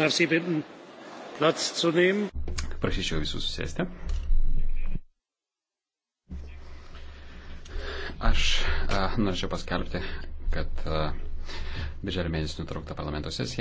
Darf Sie bitten, Platz zu nehmen? Prašyčiau visus susėsti. Aš a, norėčiau paskelbti, kad a, birželio mėnesį nutraukta parlamento sesija.